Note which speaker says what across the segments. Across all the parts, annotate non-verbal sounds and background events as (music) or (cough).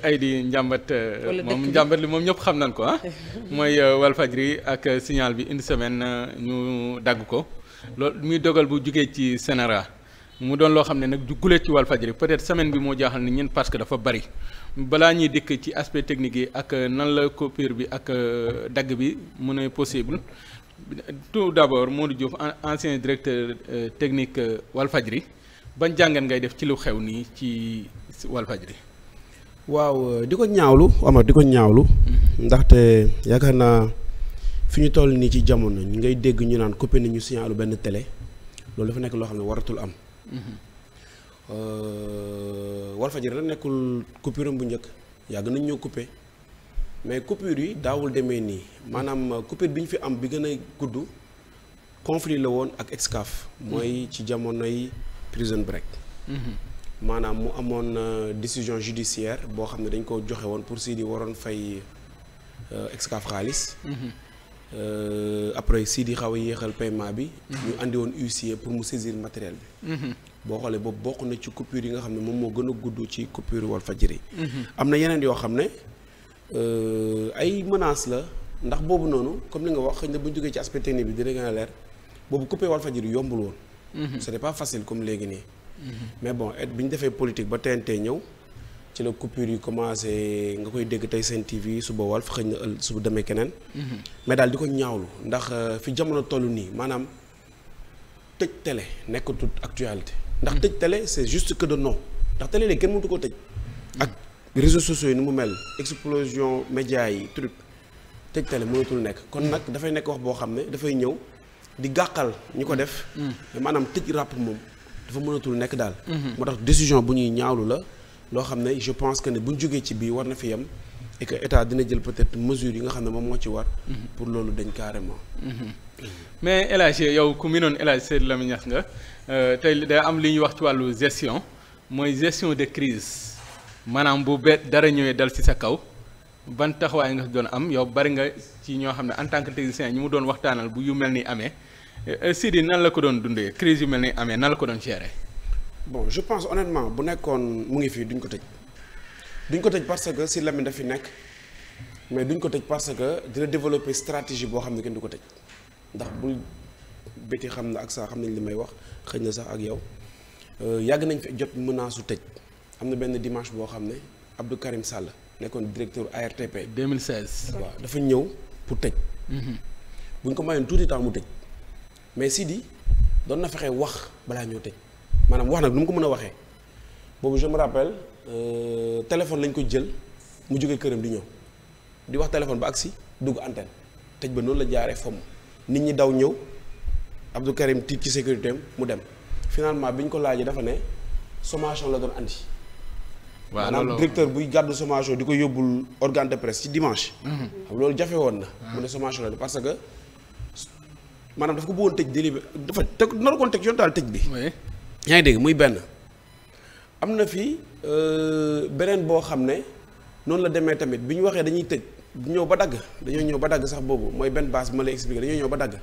Speaker 1: ay di njàmbat euh, moom njàmbat li moom ñëpp xam nañ ko ah (laughs) mooy euh, Walfadjri ak signal bi une semaine euh, ñu dagg ko loolu muy dogal bu jugee ci Sénéra mu doon loo xam ne nag jugulee ci Walfadjri peut-être semaine bi moo jaaxal nit ñin parce que dafa bari balaa ñuy dikk ci aspect technique yi ak nan la coupure bi ak dagg bi mu ne possible tout d'abord Modou Diouf ancien directeur technique Walfadjri ban jàngat ngay def ci lu xew nii ci Walfadjri
Speaker 2: waaw euh, di ko ñaawlu Omar di ko ñaawlu. Mm-hmm. ndaxte yaakaar naa fi ñu toll nii ci jamono ñu ngay dégg ñu naan ni nañu signalu benn tele loolu dafa nekk loo xam ne waratul am. Mm-hmm. Euh, Walfadjri la nekkul coupure bu njëkk yàgg nañ ñoo coupé mais coupure yi daawul demee nii maanaam euh, coupure bi ñu fi am bi gën a gudd conflit la woon ak Excaf. Mm-hmm. mooy ci jamonoy prison break. Mm -hmm. maanaam mu amoon na euh, décision judiciaire boo xam ne dañ ko joxe woon pour Sidi waroon fay euh, Excaf xaalis. Mhm. Euh, après di xaw a yéexal paiement bi. Mhm. ñu andi woon huissier pour mu saisir matériel
Speaker 1: bi. Mhm.
Speaker 2: boo xoolee boobu bokk na ci coupure yi nga xam ne moom moo gën a gudd ci coupure Walfadjri. am na yeneen yoo xam ne ay menaces la ndax boobu noonu comme li nga wax xëy na bu ñu jógee ci aspect technique bi dina gën a leer boobu coupé Walfadjri yombul
Speaker 1: woon.
Speaker 2: ce n'est pas facile comme léegi nii. mais bon et bi ñu defee politique ba TNT ñëw ci la coupure yi commencé nga koy dégg tey seen TV suba Walf xëy na ël suba demee keneen. Mhm. mais daal di ko ñaawlu ndax euh, fi jamono toll nii maanaam tëj tele nekkatu actualité. ndax mhm. tëj tele c'est juste que de nom ndax télé léegi kenn mëntu ko tëj. ak mhm. réseaux sociaux yi ni mu mel explosion média yi truc tëj télé mënatul nekk kon nag dafay nekk wax boo xam ne dafay ñëw di gàkkal ñu ko def. maanaam tëj ràpp dafa mënatul nekk daal. moo tax décision bu ñuy ñaawlu la loo xam ne je pense que ne bu ñu jógee ci biir war na fi yem et dina jël peut-être mesure yi nga xam ne moom moo ci war. pour loolu dañ
Speaker 1: carrément. mais El Hadj yow ku mi noon El Hadj Seydou Lamine Niass nga euh, tey day am li ñuy wax ci wàllu gestion mooy gestion de crise maanaam bu bet dara ñëwee dal ci sa kaw. ban taxawaay nga doon am yow bari nga ci ñoo xam ne en tant que technicien ñu mu doon waxtaanal bu yu mel ni amee Euh, Sidi nan la ko doon dundee crise yu mel ni amee nan la ko doon gérer.
Speaker 2: bon je pense honnêtement bu nekkoon mu ngi fii duñ ko tëj duñ ko tëj parce que si Lamine daf fi nekk mais duñ ko tëj parce que dina développer stratégie boo xam ne kenn du ko tëj ndax bu béti xam na ak saa xam nañ li may wax xëñ na sax ak yow euh, yàgg nañ fi jot menace su tëj am na benn dimanche boo xam ne Abdou Karim Sall nekkoon directeur ARTP. 2016 waaw dafa ñëw pour tëj. Mhm. buñ ko mayoon tuuti temps mu tëj. mais Sidi doon na fexe wax balaa ñoo tëj maanaam wax nag nu mu ko mën a waxee boobu je me rappelle euh, téléphone lañ ko jël mu jógee këram di ñëw di wax téléphone ba agsi dugg antenne tëj ba noonu la jaaree fomm nit ñi daw ñëw Abdou Karim tiit ci sécurité mu dem finalement bi ñu ko laajee dafa ne sommation la doon andi.
Speaker 1: waaw maanaam directeur
Speaker 2: buy gàddu sommation di ko yóbbul organe de presse ci dimanche. Mhm. xam loolu jafe woon na. Ah. mu ne sommation la parce que. maanaam dafa ko bëggoon tëj délibéré dafa te naru teg yoon daal tëj bi. yaa ngi dégg muy benn. am na fi euh, beneen boo xam ne noonu la demee tamit bi ñu waxee dañuy tëj ñëw ba dagg dañoo ñëw ba dagg sax boobu mooy benn base bi ma lay expliqué dañoo ñëw ba dagg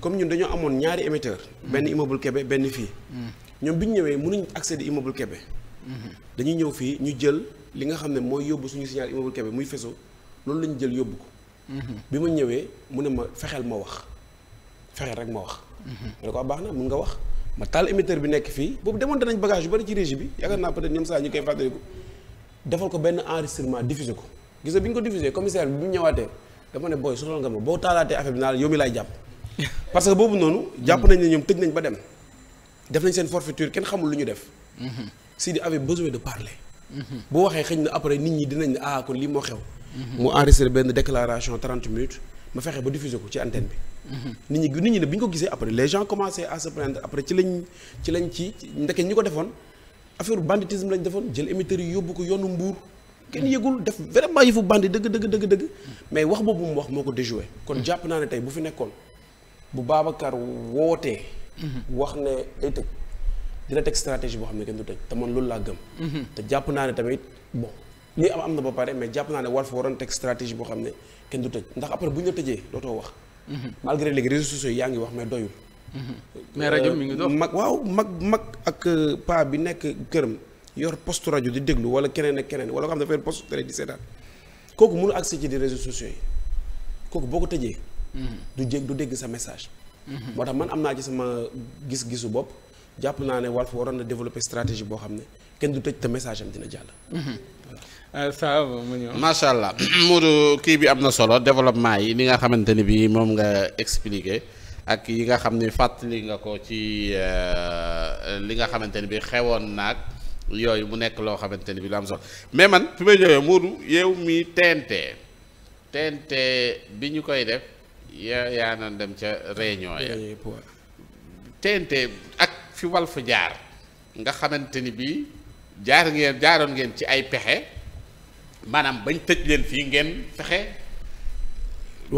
Speaker 2: comme ñun dañoo amoon ñaari émetteur benn mm-hmm. immeuble Kébé benn fii. Mm-hmm. ñoom bi ñu ñëwee mënuñ accéder immeuble Kébé.
Speaker 1: Mm-hmm.
Speaker 2: dañuy ñëw fii ñu jël li nga xam ne mooy yóbbu suñu signal immeuble Kébé muy feso loolu la ñu jël yóbbu ko. bi ma ñëwee mu ne ma fexeel ma wax. fexeel rek ma wax. ma ne ko ah, baax na mun nga wax ma taal émetteur bi nekk fii boobu demoon nañ bagage yu bari ci régie bi yaakaar naa peut-être defal ko benn enregistrement diffusé ko gis nga bi ñu ko diffusé commissaire bi bi mu ñëwaatee dafa ne booy sotal nga ma boo taalaatee affaire bi naa la yow mi laay jàpp. (laughs) parce que boobu noonu. jàpp nañ ne ñoom tëj nañ ba dem. def nañ seen forfaiture kenn xamul lu ñu def. Mm-hmm. Sidi avait besoin de parler. Mm-hmm. boo waxee xëñ na après nit ñi dinañ ne ah kon lii moo
Speaker 1: mm-hmm.
Speaker 2: benn déclaration 30 minutes ma fexe ba diffusé ko ci antenne bi. nit ñi nit ñi ne bi ñu ko gisee après les gens commencé après ci lañ ci lañ ndeke ñi ko defoon affaire banditisme lañ defoon jël émetteurs yi yóbbu ko yoonu mbuur kenn yëgul def vraiment yëfu bandi dëgg dëgg dëgg dëgg mais wax boobu mu wax moo ko déjoué kon mm-hmm. jàpp naa ne tey bu fi nekkoon bu Babacar wootee mm-hmm. wax ne day tëj dina teg stratégie boo xam ne kenn du tëj te man loolu laa gëm mm-hmm. te jàpp naa ne tamit bon lii am am na ba pare mais jàpp naa ne war fa waroon teg stratégie boo xam ne kenn du tëj ndax après bu ñu la wax malgré léegi réseaux sociaux yi yaa ngi wax mais doyul.
Speaker 1: Mm-hmm. mais rajo mi ngi dox euh, mag
Speaker 2: waaw mag mag ak euh, pa bi nekk këram yor post rajo di déglu wala keneen ak keneen wala ko xam ne dafay post télé di seetaan kooku mënu accès ci di réseaux sociaux yi kooku boo ko tëjee. Mm-hmm. du jég du dégg sa message. Mm-hmm. moo tax man am naa ci sama gis-gisu bopp. jàpp naa ne Walf waroon na développer stratégie boo xam ne kenn du tëj te message am dina jàll.
Speaker 1: Euh, ça macha
Speaker 3: allah (clears throat) Modou kii bi am na solo développement yi li nga xamante ni bii moom nga expliqué ak yi nga xam ni fàttali nga ko ci euh, li nga xamante ni bii xewoon naag yooyu mu nekk loo xamante ni bii lu am solo mais man fi may ñëwee Modou yow mi TNT TNT bi ñu koy def yaa yaa naan dem ca réunion ya TNT ak. fi fa jaar nga xamante ni bii jaar ngeen jaaroon ngeen ci ay pexe maanaam bañ tëj leen fii ngeen pexe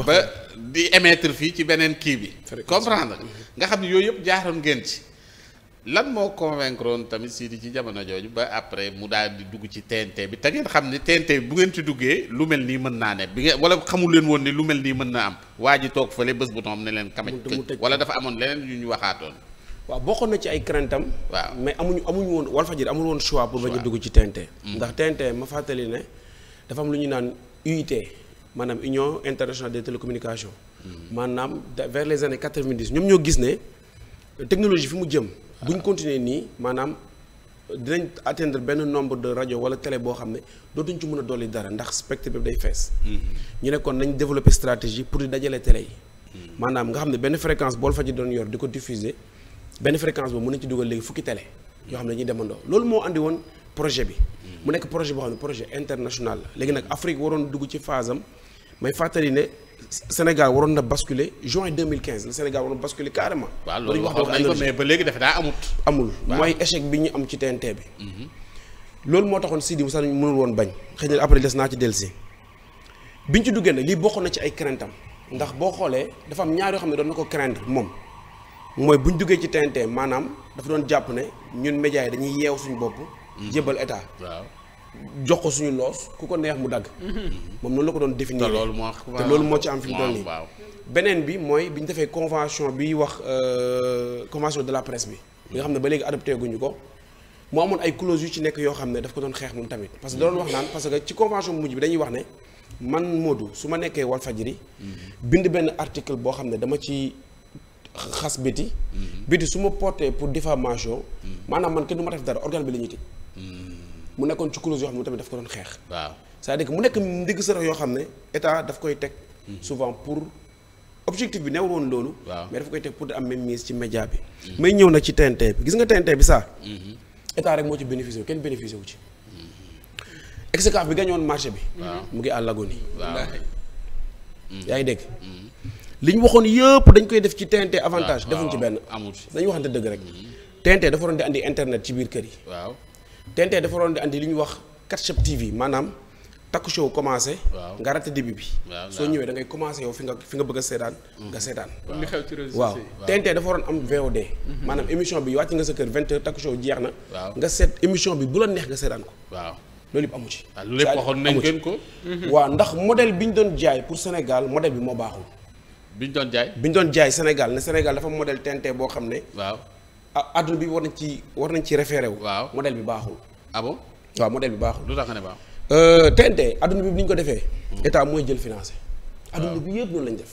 Speaker 3: ba di émettre fii ci beneen kii bi comprendre nga xam ne yooyu yëpp jaaroon ngeen ci lan moo convaincre woon tamit si di ci jamono jooju ba après mu daal di dugg ci TNT bi te ngeen xam ni TNT bi bu ngeen ci duggee lu mel nii mën naa ne bi ngeen wala xamul leen woon ni lu mel nii mën na am waa ji toog fële bés bu noom ne leen kamaj wala dafa amoon leneen yu ñu waxaatoon waaw bokkoon na ci ay craintam
Speaker 2: waaw mais amuñu amuñu woon Walfadjri amul woon choix pour bañ a dugg ci TNT mm. ndax TNT ma fàttali ne dafa am lu ñu naan UIT maanaam Union internationale des télécommunications mm. maanaam vers les années quatre-vingt-dix ñoom ñoo gis ne technologie fi mu jëm ah. buñ continuer nii maanaam euh, dinañ atteindre benn nombre de rajo wala télé boo xam ne dootuñ ci mën a dolli dara ndax spectre bi day fees mm-hmm. ñu ne kon nañ développer stratégie pour di dajale télé yi mm. maanaam nga xam ne benn fréquence bool fa doon yor di ko diffuser benn fréquence boobu mën nañu ci dugal léegi fukki télé yoo xam ne dañuy loolu moo andi woon projet bi mu nekk projet boo xam ne projet international la léegi nag Afrique waroon dugg ci phase am may fàttali ne Sénégal waroon na basculer juin 2015 le Sénégal waroon na basculer carrément. waaw loolu waxoon nañ ko mais
Speaker 3: ba léegi dafa daa amut. amul
Speaker 2: mooy échec bi ñu am ci TNT bi. Mhm. loolu moo taxoon Sidi Moussa ñu mënul woon bañ xëy na après des naa ci dellusi biñ ci duggee nag lii bokkoon na ci ay craintam ndax boo xoolee dafa am ñaar yoo xam ne doon n ko craindre moom. mooy bu ñu duggee ci TNT maanaam dafa doon jàpp ne ñun médias dañuy yeew suñu bopp. Mm-hmm. jébal état. waaw jox ko suñu loos ku ko neex mu dagg. Mm-hmm. moom noonu la ko doon définir. te loolu moo te loolu moo ci am fi mu toll nii. beneen bi mooy bi ñu defee convention bi wax euh, convention de la presse bi. bi xam ne ba léegi adopté guñu ko. mu amoon ay clause yu ci nekk yoo xam ne daf ko doon xeex moom tamit parce que da doon wax naan parce que ci convention bu mujj bi dañuy wax ne man Modou su ma nekkee Walfadjri mm-hmm. bind benn article boo xam ne dama ci. xas biti mm-hmm. biti su ma porté pour diffamation mm-hmm. maanaam man kenn du ma def dara organe bi la ñuy tëj mm-hmm. mu nekkoon ci clause yoo xam ne tamit daf ko xeex waaw cest à mu nekk ndigg sarax yoo xam ne état daf koy teg souvent pour objectif bi new woon loolu mais daf koy teg pour di am même mise ci média bi may ñëw nag ci TNT bi gis nga TNT bi sax état rek moo ci bénéficié wu kenn bénéficié wu ci Excaf bi gañoon marché bi mu ngi à l'agonie yaa ngi dégg li ñu waxoon yëpp dañ koy def ci TNT avantage. defuñ ci benn amul ci dañu waxante dëgg rek. TNT mm-hmm. dafa waroon di internet ci biir kër yi. waaw TNT dafa waroon di andi li ñuy wax catch-up TV maanaam. takku show commencé. waaw début bi. soo ñëwee da ngay commencé yow fi nga fi nga bëgg a mm-hmm. nga seetaan. li xew ci réseau waaw TNT dafa waroon am VOD. Mm-hmm. maanaam émission bi wàcc nga sa kër 20h takku show jeex na. nga seet émission bi bu la neex nga seetaan ko. waaw loolu yëpp amu ci. waaw ah, lépp waxoon nañ ko. waaw ndax modèle bi ñu doon jaay pour Sénégal modèle bi moo baaxul.
Speaker 3: biñ doon jaay biñ
Speaker 2: doon jaay Sénégal ne Sénégal dafa modèle TNT boo xam ne. waaw adduna bi war nañ ci war nañ ci référé wu. waaw modèle bi baaxul. ah waaw modèle bi baaxul. lu tax nga ne baaxul. Euh, TNT adduna bi ni ñu ko defee. Hmm. état mooy jël financé. Ah. adduna bi yëpp noonu lañ def.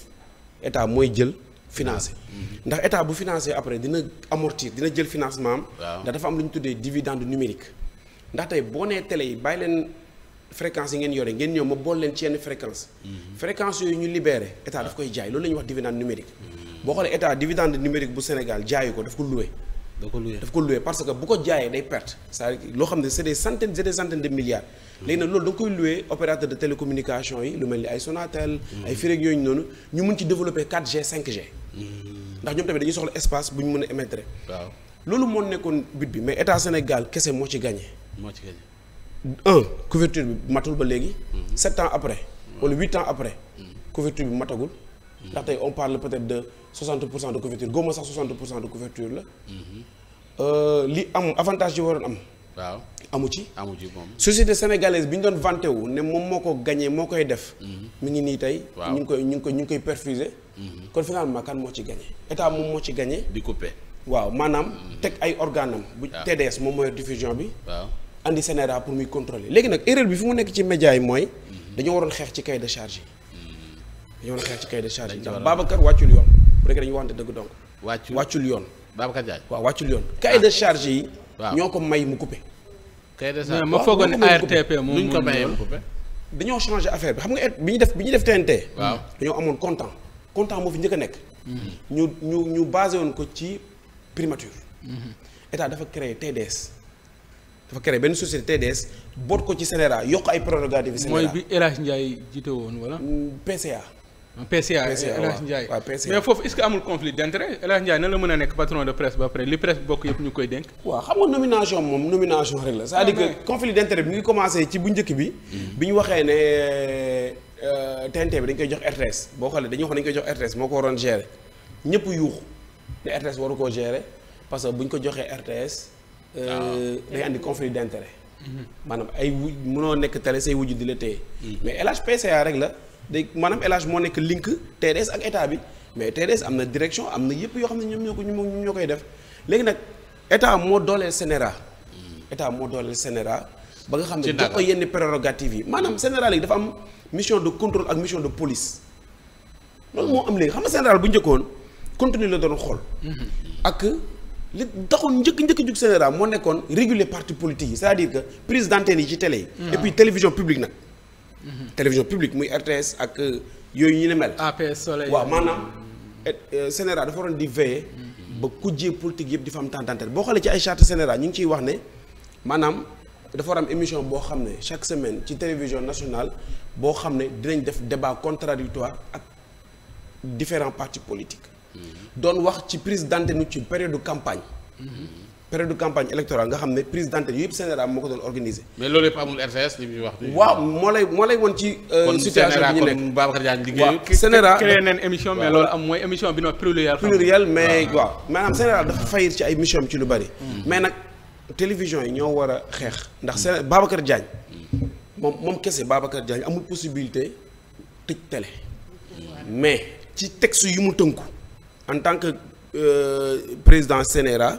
Speaker 2: état mooy jël financé. Hmm. Hmm. ndax état bu financé après dina amortir dina jël financement am. ndax dafa am lu ñu tuddee dividende numérique. ndax tey boo nee télé yi bàyyi leen. fréquence yi ngeen yore ngeen ñëw ma bool leen ci yenn fréquence mhm. fréquence yooyu ñu libéré état daf koy jaay loolu la ñuy wax dividende numérique boo xoolee état dividende numérique bu Sénégal jaayu ko daf ko loué daf ko loué parce que bu ko jaayee day perte c'est-à-dire ne c'est des centaines c'est des centaines de milliards mhm. léegi nag loolu da nga koy loué opérateur de télécommunication yi lu mel ni ay Sonatel mhm. ay Free yooyu noonu ñu mun ci développer 4G 5G ndax ñoom tamit dañuy soxla espace bu ñu a émettre waaw loolu moo nekkoon but état Sénégal kese moo ci gagné moo un bi matul ba léegi. sept ans après. wala huit ans après. couverture bi matagul. ndax tey on parle peut-être de soixante pour cent de couverture góoma sax soixante pour cent de couverture la. Euh, li am avantage yi waroon am. amu ci. amu ci moom société sénégalaise bi ñu doon vanté wu ne moom moo ko gagné moo koy def. Mhm. mi ngi nii tey. ñu ngi koy ñu ngi koy ñu ngi koy perfuser. Mhm. kon finalement kan moo ci gagné état moom moo ci gagné. di coupé. waaw maanaam mhm. teg ay organes am. bu TDS moom mooy diffusion bi. waaw andi CNRA pour muy contrôler léegi nag erreur bi fi mu nekk ci média yi mooy dañoo waroon xeex ci cahier de charge yi dañoo waroon xeex ci cahier de charge yi ndax Babacar wàccul yoon bu rekk dañu waxante dëgg donc wàccul wàccul yoon Babacar Diagne ah. charge yi ñoo ko may mu coupé
Speaker 3: cahier de charge ma foogoon ne ARTP moom luñ ko mayee mu coupé
Speaker 2: dañoo changé affaire bi xam nga bi ñu def bi ñu def TNT waaw dañoo amoon content content moo fi njëkk a nekk mm-hmm. ñu ñu ñu basé woon ko ci primature mm-hmm. état dafa créé TDS dafa créé benn société TDS boot ko ci CNRA yokk ay prérogatives yi. CNRA mooy
Speaker 1: bi El Hadj jiite woon wala. PCA. Ah, PCA PCA El Hadj foofu est-ce que amul la mën a nekk patron de presse ba pare li presse bokk yëpp ñu koy dénk. waaw
Speaker 2: xam nga nomination moom nomination rek la. c'est-à-dire ah, que
Speaker 1: conflit d'intérêt bi
Speaker 2: ngi commencé ci bu njëkk bi. Hmm. bi ñu waxee ne TNT euh, bi dañ koy jox RTS boo xoolee dañuy wax dañ koy jox RTS moo ko waroon gérer ñëpp yuux ne RTS waru koo gérer parce que bu ñu ko joxee RTS. Euh, ah. day andi conflit d'intérêt mhm. maanaam ay wuj mënoo nekk télé say wujj di la téye mhm. mais El PCA rek la day maanaam El moo nekk link TDS ak état bi mais TDS am na direction am na yëpp yoo xam ne ñoom ñoo ko ñoom ñoo koy def léegi nag état moo dooleel sénéra mhm. état moo dooleel sénéra ba nga xam ne jox ko yenn prérogatives yi maanaam sénéra yi dafa am mission de contrôle ak mission de police loolu moo am léegi xam nga général bu njëkkoon contenu la doon xool li taxul njëkk njëkk jug Sénégal moo nekkoon réguler parti politique yi c'est-à-dire que prise d'antenne yi ci télé yi. Mm-hmm. et puis télévision publique nag. Mm-hmm. télévision publique muy RTS ak euh, yooyu ñu ne mel. APS Soleil waaw maanaam euh, Sénégal dafa waroon di veiller. ba kujjee politique yëpp di fa am temps boo xoolee ci ay charte Sénégal ñu ngi ciy wax ne maanaam dafa war émission boo xam ne chaque semaine ci télévision national boo xam ne dinañ def débat contradictoire ak différents partis politiques. doon wax ci prise d'antenne ci période campagne. période de campagne électorale nga xam ne présidente d'antenne yëpp Sénégal moo ko doon organisé.
Speaker 3: mais loolu yëpp amul wax. waaw
Speaker 2: moo lay moo lay woon ci. Euh, situation bi ñu nekk kon Sénégal kon
Speaker 3: Babacar Diagne liggéey. waaw Sénégal créé nañ émission mais loolu
Speaker 2: am mooy dafa fayir ci ay mission ci lu bari. Hmm. mais nag télévision yi ñoo war a xeex. ndax Sénégal Babacar Diagne. Hmm. moom moom kese Babacar Diagne amul possibilité tëj télé. Hmm. mais ci texte yi mu tënku. en tant que euh, président CNRA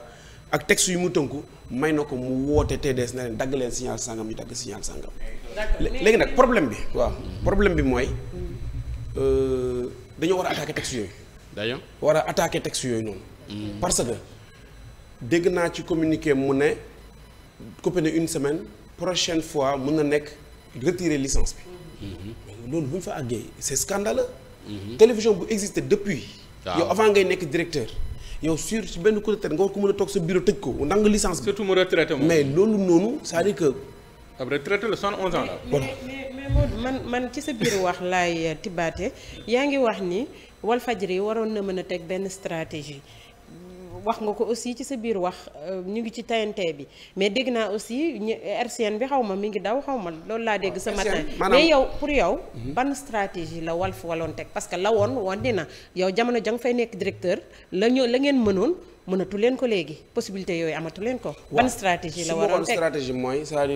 Speaker 2: ak texte yu mu tënk may na ko mu woote TDS na leen dagg leen signal sangam yi dagg signal sangam. léegi nag problème bi. waaw problème bi mooy euh, dañoo war a attaquer texte yooyu. dañoo war a attaquer texte yooyu noonu. Mm. parce que dégg naa ci communiqué mu ne coupé une semaine prochaine fois mun na nekk retirer licence bi. Mm-hmm. loolu buñ fa àggee c'est scandaleux. Mm-hmm. télévision bu existé depuis. yow avant ngay nekk directeur yow sur si benn côté nga war ko mën a toog sa biiro tëj ko ndax nga licence
Speaker 1: bi. surtout mu retraité moom mais loolu noonu c'est-à-dire que. ab retraité la 71 ans la. mais
Speaker 3: mais Maodo man man ci sa biir wax laay tibbaate yaa ngi wax ni Walfadjri waroon na mën a teg benn stratégie. wax nga ko aussi ci sa biir wax euh, ñu ngi ci TNT bi mais dégg naa aussi RCN bi xaw ma mi ngi daw xaw ma loolu laa dégg sa matin mais yow pour yow mhm. ban stratégie la Walf waloon teg parce que la woon woon na yow
Speaker 1: jamono ja nga fay nekk directeur la ñëw la ngeen mënoon mënatu leen ko léegi possibilité yooyu amatu leen ko ban stratégie la waroon teg
Speaker 2: stratégie mooy cest à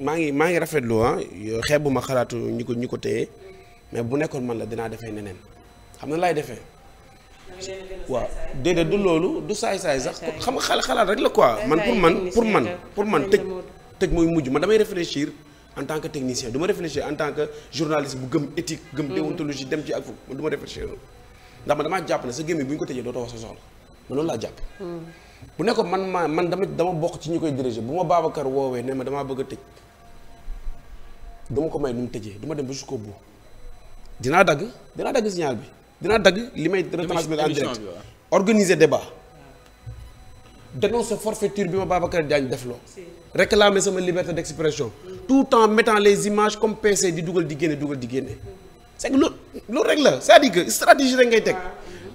Speaker 2: maa ngi maa ngi rafetlu ah xeebuma xalaatu ñi ko ñi ko téye mais bu nekkoon man la dinaa defee neneen xam na laay defee waaw déedéet du loolu du saay-saay sax xam nga xala xalaat rek la quoi man pour man pour man pour man tëj tëj mooy mujj man damay réfléchir en tant que technicien du ma réfléchir en tant que journaliste bu gëm éthique gëm mm-hmm. dem ci ak foofu man du damaa jàpp sa gémmiñ bu ñu ko tëjee dootoo wax sa soxla man loolu laa jàpp mm. bu nekkoon man maa man dama dama bokk ci ñu koy diriger bu ma Babacar woowee ne ma damaa bëgg a tëj dama ko may nu mu tëjee du ma dem ba jusqu'au bout dinaa dagg dinaa dagg siñaal bi dinaa dagg li may retransmettre en
Speaker 1: direct
Speaker 2: organiser débat dénoncer forfaiture bi ma Babacar Diagne def loo réclamer sama liberté d'expression tout temps mettant les images comme PC di dugal di génne dugal di génne c'est que loolu loolu la cest à stratégie rek ngay teg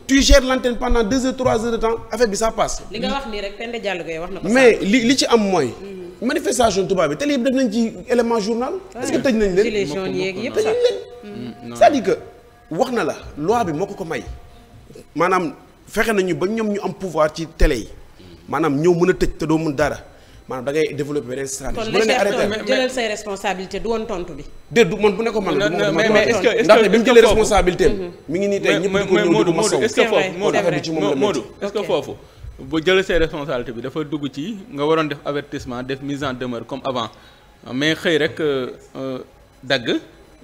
Speaker 2: tu gères l'antenne pendant deux heures trois heures de temps affaire bi sa passe. li nga wax
Speaker 1: nii rek Penda Diallo Gueye na ko.
Speaker 2: mais li li ci am mooy. Mm-hmm. manifestation tubaab bi télé yëpp def nañ ci élément journal. parce que tëj nañ leen. tëj nañ leen mm-hmm. cest à wax na la loi bi moo ko ko may maanaam fexe nañu ba ñoom ñu am pouvoir ci télé yi maanaam ñëw mën a tëj te doo mën dara maanaam da ngay développer beneen stratégie. bu la nee arrêté kon jëlal
Speaker 3: say responsabilité tontu bi.
Speaker 1: déedéet du ne ko man. mais mais est ce que est ce mu mhm.
Speaker 2: mi ngi nii tey ñëpp di ko ñëw di ko masawu. c' est vrai
Speaker 1: c' est jëlee say responsabilité bi dafa dugg ci nga waroon def avertissement def mise en demeure comme avant mais xëy rek euh, euh, dagg.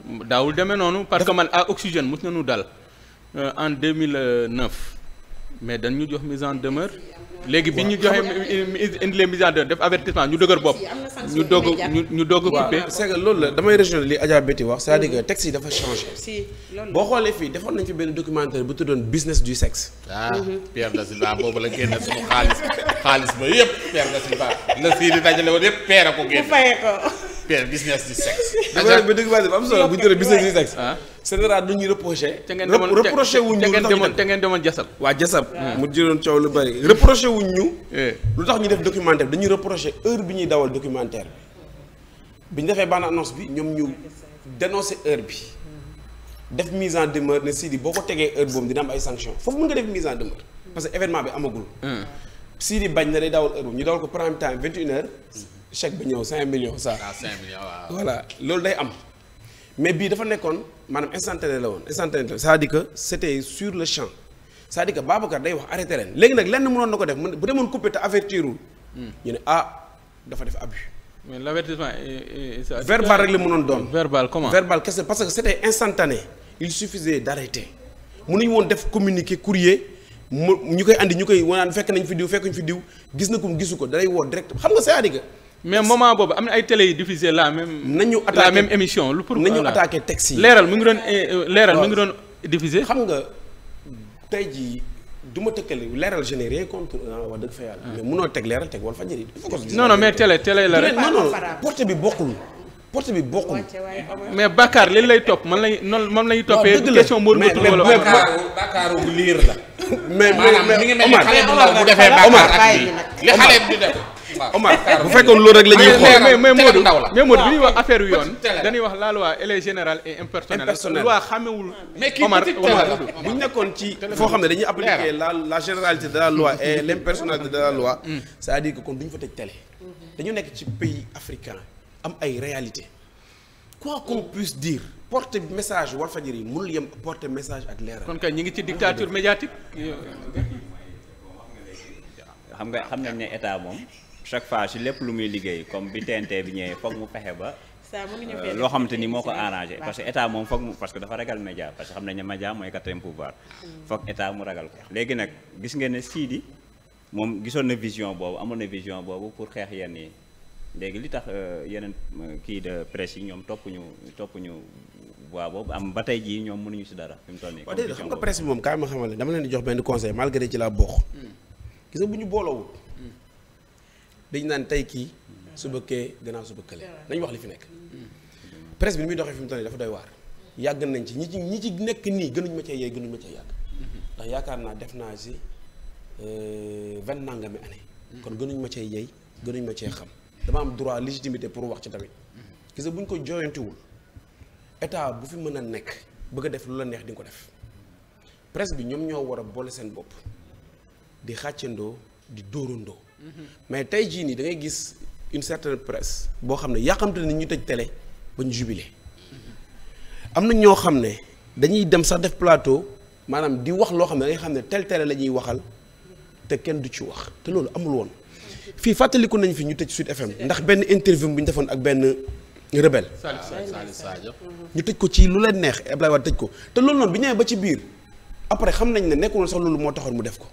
Speaker 1: daawul demee noonu. parce que man à ah, oxygène mos na nu dal euh, en 2009 mais dañ ñu jox mise en demeure. léegi bi ñu joxe indi les mise en demeure def avertissement ñu dëgër bopp. ñu doog ñu ñu doog a coupé. c'est que loolu la damay régional
Speaker 2: li Adja Betty wax c'est-à-dire que texte yi dafa changé. boo xoolee fii defoon nañu fi benn documentaire bu tuddoon
Speaker 3: business du sexe. ah mhm. Pierre da Silva boobu la génne suñu xaalis xaalis ba yëpp Pierre da Silva la sii di yëpp Pierre a ko génne. Pierre business di sexe. bu dëgg ba am solo bu ñu tëree business di sexe. Ah. c'est-à-dire lu ñuy reproché. te ngeen demoon reproché wuñ ñu.
Speaker 2: te ngeen demoon jasab. waa jasab. Ah. mu jëloon coow lu bari eh. reproché ñu. Eh. lu tax ñu def documentaire dañuy reproché heure bi ñuy dawal documentaire bi. bi ñu defee bande annonce bi ñoom ñu dénoncé heure bi. def mise en demeure ne Sidi boo ko tegee heure boobu dina am ay sanctions foofu mën nga def mise en demeure. parce que événement bi amagul. Hmm. Sidi bañ na day dawal heure boobu ñu dawal ko prime time vingt et une heures chaque bi ñëw 5 millions ça. ah voilà loolu day am mais bii dafa nekkoon maanaam instantané la woon instantané la c'est-à-dire que c'était sur le champ c'est-à-dire day wax arrêté leen léegi nag lenn mënoon na ko def bu demoon coupé te avertirul. Hmm. ñu ne ah dafa def abus.
Speaker 1: mais l'avertissement verbal rek la mënoon doon. verbal comment verbal
Speaker 2: parce que c'était instantané il suffisait d'arrêter mënuñu woon def communiquer courrier. mu ñu koy indi ñu koy wanaan fekk nañ fi diw fekk nañ fi diw gis na ko gisu ko dalay woo
Speaker 1: direct xam nga cest à mais moment boobu am na ay télé yi diffusé la même. nañu attaqué la même émission lu pour. nañu attaqué
Speaker 2: texte yi leeral mu
Speaker 1: ngi doon eh, eh, leeral mu ngi doon diffusé. xam nga
Speaker 2: tey jii du ma tëkkale leeral je n'ai rien contre ah, wax dëgg fa yàlla. Ah. mais teg leeral teg wala fajari.
Speaker 1: mais télé télé la rek. non non
Speaker 2: porte bi bokkul. porte
Speaker 1: mais Bakar li lay topp man lañ noonu man lañuy toppee question Modou Modou wala Bakaaru liir la. (laughs) mais mais mais Omar li xale bi def Omar bu fekkoon loolu rek la ñuy xool mais mais Modou mais Modou bi ñuy wax affaire yu yoon dañuy wax la loi elle est générale et impersonnelle loi xamewul ah, Omar bu ñu nekkoon ci foo xam ne dañuy appliquer
Speaker 2: la la généralité de la loi et mm-hmm. l'impersonnalité de la loi mm. c'est-à-dire que kon duñu fa tëj télé
Speaker 1: mm-hmm.
Speaker 2: dañu nekk ci pays africain am ay réalité quoi qu'on puisse dire porter message Walfadjri yi mënul yem porter message ak leeral kon kay ñu ngi ci dictature
Speaker 3: médiatique xam nga xam nañ ne état moom chaque fois si lépp lu muy liggéey comme bi TNT bi ñëwee foog mu fexe ba. Euh, loo xamante ni moo ko arrangé parce que état moom foog mu parce que dafa ragal média parce que xam nañ ne média mooy
Speaker 1: mm.
Speaker 3: mu ragal léegi nag gis ngeen ne Sidi moom gisoon na vision boobu amoon na vision boobu pour xeex yenn yi léegi li tax euh, yeneen euh, kii de presse yi ñoom toppuñu ñu voie boobu am ba tey ñoom mënuñu si dara fi mu toll nii waaw xam nga
Speaker 2: presse bi moom kaay ma xamal ne dama leen di jox benn conseil malgré ci laa bokk
Speaker 3: mm. gis nga bu ñu
Speaker 2: dañu naan tey kii suba kee gannaaw suba kële nañu wax li fi nekk. presse bi ni muy doxee fi mu toll dafa doy waar. yàgg nañ ci ñi ci ñi ci nekk nii gënuñ ma cee yee gënuñ ma
Speaker 1: cee
Speaker 2: yaakaar naa def naa si euh, vingt nangami année. kon gënuñ ma cee yey gënuñ ma cee xam. dama am droit légitimité pour wax ci tamit. gis bu ñu ko joyantiwul état bu fi mën a nekk bëgg a def lu la neex di nga ko def presse bi ñoom ñoo war a boole seen bopp di xàccandoo di dóorandoo mais tey jii nii da ngay gis une certaine presse boo xam ne yàqamte ne ñu tëj télé ba ñu jubilé am na ñoo xam ne dañuy dem sax def plateau maanaam di wax loo xam ne da xam ne tel télé la ñuy waxal te kenn du ci wax te loolu amul woon fii fàttaliku nañ fi ñu tëj Sud FM ndax benn interview bu ñu defoon ak benn rebelle ñu tëj ko ci lu leen neex Ablaye Wade tëj ko te loolu noonu bi ñëwee ba ci biir après xam nañ ne nekkul woon sax loolu moo taxoon mu def ko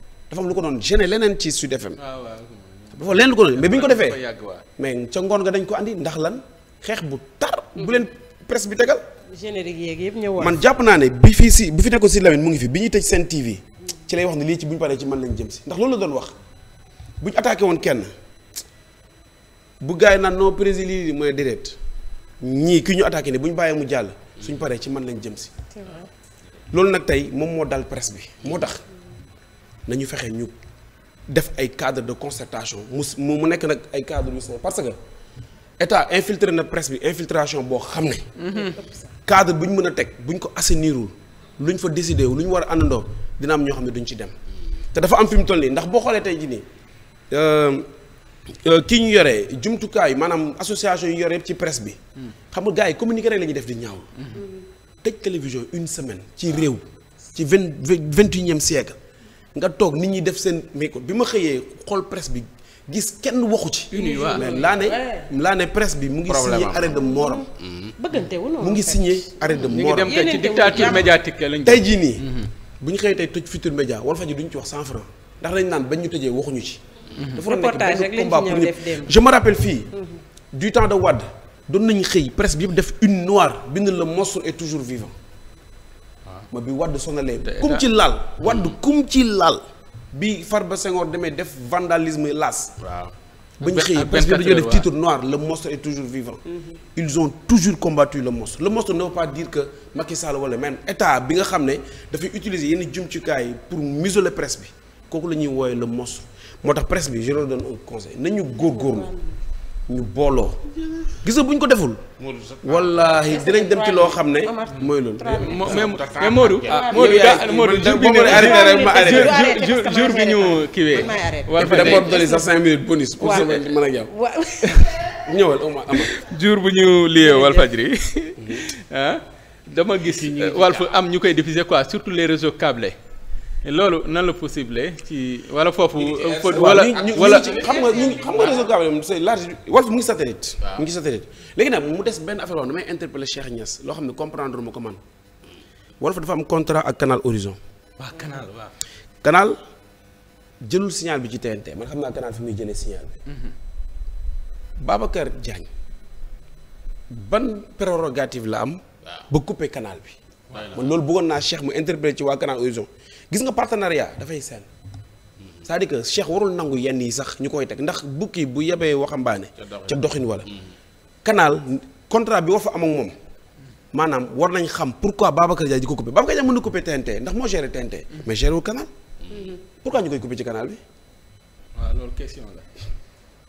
Speaker 2: dafa leen ko doon mais bi ñu ko defee mais ca ngoon nga dañ ko andi ndax lan xeex bu tar. bu leen presse bi tegal.
Speaker 3: générique yeeg yëpp ñëwoon man
Speaker 2: jàpp naa ne bi fii si bi fi nekkoon si Lamine mu ngi fi bi ñuy tëj seen TV. ci lay wax ne lii ci bu ñu paree ci man lañ jëm si ndax loolu la doon wax bu ñu attaqué woon kenn bu gars yi naan non président lii mooy déedéet ñii kii ñu attaqué ne bu ñu bàyyee mu jàll suñ paree ci man lañ jëm si. loolu nag tey moom moo dal presse bi moo tax nañu fexe ñu. def ay cadre de concertation mu mu nekk nag ay cadre yu sain parce que état infiltré na presse bi infiltration boo xam ne cadre bu ñu mën a teg bu ñu ko assainirul lu ñu fa décidé wu lu ñu war a àndandoo dina am ñoo xam ne duñ ci dem te dafa am fi toll nii ndax boo xoolee tey jii nii euh, euh, kii ñu yoree jumtukaay maanaam association yu yore ci presse bi xam gaa yi communiqué rek la ñuy def di ñaaw
Speaker 1: mm-hmm.
Speaker 2: tëj télévision une semaine ci réew ci vingt vingt et unième nga toog nit ñi def seen mais ko bi ma xëyee xool presse bi gis kenn waxu ci. mais laa ne laa ne presse bi mu ngi signé arrêt de mooram.
Speaker 1: Mm-hmm. bëggante wu noonu mu ngi
Speaker 2: signé arrêt de mooram. ñu ngi dem tey ci dictature médiatique
Speaker 1: lañ. tey jii nii. Mm-hmm.
Speaker 2: bu ñu xëyee tey tëj Futurs Médias Walfadjri duñ ci wax cent franc ndax dañ naan bañ ñu tëjee waxuñu ci.
Speaker 1: Mm-hmm. dafa reportage
Speaker 2: rek lañ je me rappelle fii. du temps de Wade doon nañ xëy presse bi yëpp def une noire bind la monstre est toujours vivant. ma bi wadd sonalee kum ci laal hmm. wadd kum ci laal bi ba Senghor demee def vandalisme las waaw ba ñu xëyee parce que dañoo def titre noir le monstre est toujours vivant mhm. ils ont toujours combattu le monstre le monstre ne veut pas dire que Macky Sall wala même état bi nga xam ne dafay utiliser yenn jumtukaay yi pour museler presse bi kooku la ñuy wooye le monstre moo tax presse bi je leur donne un conseil nañu góorgóorlu ñu booloo gis nga bu ñu ko deful. wallaahi dinañ dem ci loo xam ne. mooy loolu. mais moo ah Modou daa Modou jour bi ñu arrêté rek ma arrêté jour bi ñu kiiwee. wala fa d'abord dolli sax cinq minutes bonus. pour sama mën ak yow.
Speaker 1: (laughs) ñëwal ama ama. jour bu ñu liyee Walfadjri (laughs) ah dama gis. Walf am ñu koy diffuser quoi surtout les réseaux câblés. loolu nan la possible ci wala foofu. wala wala xam nga ñu xam nga réseau
Speaker 2: câble moom c'est large Walf mu ngi satellite. mu ngi satellite léegi nag mu des benn affaire boo xam ne damay interpeller Cheikh Niass loo xam ne comprendre ma ko man Walf dafa am contrat ak Canal Horizon.
Speaker 1: waaw Canal waaw.
Speaker 2: Canal jëlul signal bi ci TNT man xam naa Canal fi muy jëlee signal bi. Mhm. Babacar Diagne ban prérogative la am. ba couper Canal bi. man loolu bëggoon naa Cheikh mu interpeller ci waa Canal Horizon. gis nga partenariat dafay seen c'est-à-dire que Cheikh warul nangu yenn yi sax ñu koy teg ndax bukki bu yebee waxambaane ca doxin wala kanaal mm-hmm. contrat bi war fa am moom maanaam war nañ xam pourquoi Babacar Diagne di ko coupé Babacar Diagne mën na coupé TNT ndax moo géré TNT mm-hmm. mais géré wu
Speaker 1: canal mm-hmm. pourquoi ñu koy coupé ci kanaal bi waaw loolu question la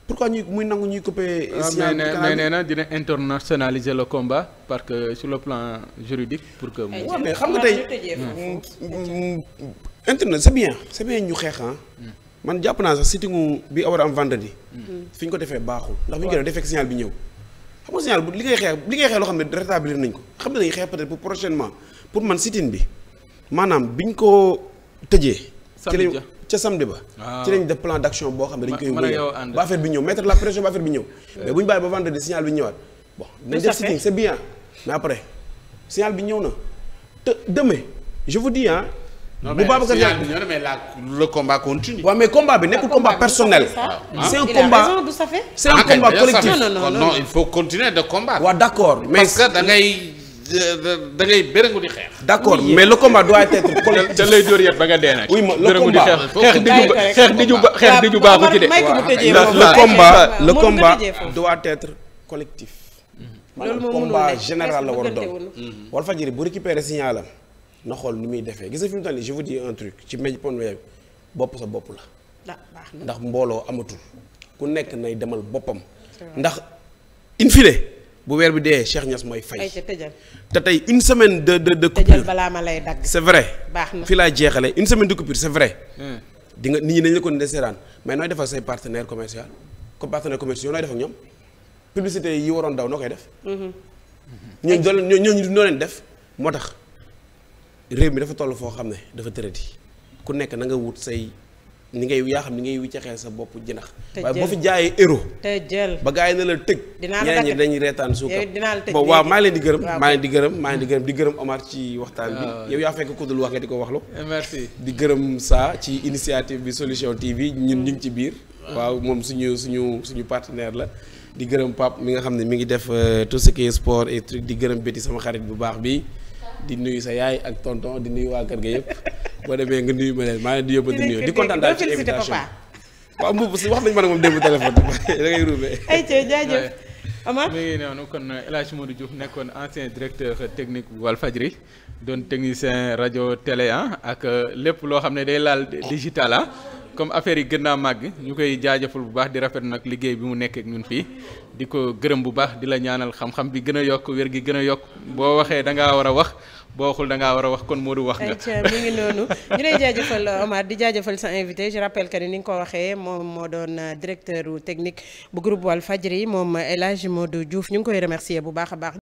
Speaker 2: pourquoi ñuy muy nangu ñuy couper. Ah, signal mais nee
Speaker 1: na dina internationaliser le combat parce que sur le plan juridique pour que. waaw eh, mais xam nga tey hmm. Hmm, hmm,
Speaker 2: internet c'est bien c'est bien ñu xeex man jàpp naa sax sitting bi war a am vendredi. ñu ko defee baaxul. ndax bu ñu defee fekk bi ñëw. xam nga signal bu li ngay xeex li ngay xeex loo xam ne rétablir nañ ko xam ne dañuy xeex peut-être pour prochainement pour man sitting bi maanaam biñ ko tëjee. ci ca samedi ba. Ah. ci lañ def plan d' boo xam ne dañ koy. wóyal ba affaire bi ñëw mettre la pression ba affaire bi ñëw. Eh. mais bu ñu bàyyi ba vendredi signal bi ñëwaat. bon nañ def sitting c' bien. mais après signal bi ñëw na te demain je vous dis ah.
Speaker 1: bu Babacar Diagne
Speaker 3: non mais la
Speaker 2: combat continue. waaw mais combat bi nekkul combat personnel. Ah. c'est combat
Speaker 3: c'est ah, combat collectif. non
Speaker 2: il d' accord mais parce que
Speaker 3: da ngay béréngu di xeex.
Speaker 2: d'accord mais le combat doit être collectif. lay dóor yet ba nga dee
Speaker 1: nag. oui ma le combat xeex diju ba xeex diju baaxu ci de. le combat
Speaker 2: doit être collectif.
Speaker 1: loolu moom combat général la war a doon.
Speaker 2: Walfadjri bu récupérer signalam na xool ni muy defee gis nga fi mu toll nii je vous dis un ci meññ pon web bopp sa bopp
Speaker 1: la. ndax
Speaker 2: mbooloo amatu ku nekk nay demal boppam. ndax in bu weer bi dee Cheikh Niass mooy fay. te tey une semaine de de de coupure balaa ma lay dagg. c'est vrai fi laa jeexale une semaine de coupure c'est vrai. Hmm. di nga nit ñi dañu la ko ndeseraan mais nooy def ak say partenaire commercial comme partenaire commerciaux nooy def ak ñoom publicité yi waroon daw noo koy def. Mm-hmm. ñooñu doon ñooñu noo leen def moo tax réew mi dafa toll foo xam ne dafa tëradi ku nekk na nga wut say. ni ngay yaa xam ni ngay wiccaxee sa bopp jinax waaye boo fi jaayee euro te jël ba gars yi na la tëj
Speaker 3: ñeneen ñi dañuy
Speaker 2: reetaan suuka boobu waaw maa leen di gërëm maa ngi leen di gërëm maa di gërëm di gërëm Omar ci waxtaan bi ah. yow yaa fekk ku dul wax nga di ko waxlu eh, merci di gërëm saa ci initiative bi Solution TV ñun ñu ngi ci biir ah. waaw moom suñu suñu suñu partenaire la di gërëm Pape mi nga xam ne mi ngi def euh, tout ce qui est sport et di gërëm béti sama xarit bu baax bi di nuyu sa yaay ak tonton di nuyu waa kër yëpp boo demee nga nuyu ma leen maa leen di yóbbu di nuyu di kontaan daal ci invitation waaw mbubb si wax nañu ma ne moom démb téléphone (laughs)
Speaker 1: da ngay ruube. (laughs) ayca jaajëf kon euh, El Hadj Modou Diouf nekkoon ancien directeur technique bu Walfadjri doon technicien rajo télé ah, ak euh, lépp loo xam ne day laal digital ah. comme affaire yi gën naa màgg ñu koy jaajëfal bu baax di rafet nag liggéey bi mu nekk ak ñun fii di ko gërëm bu baax di la ñaanal xam-xam bi gën a yokk wér gi gën a yokk boo waxee da ngaa war a wax. boo waxul da ngaa war a wax kon moo du wax nga. ayca mi ngi noonu
Speaker 3: ñu lay jaajëfal Omar di jaajëfal sa invité je rappelle que ni nga ko waxee moom moo doon euh, directeur technique bu groupe Walfadjri moom El moo Modou Diouf ñu ngi koy remercier bu baax a baax.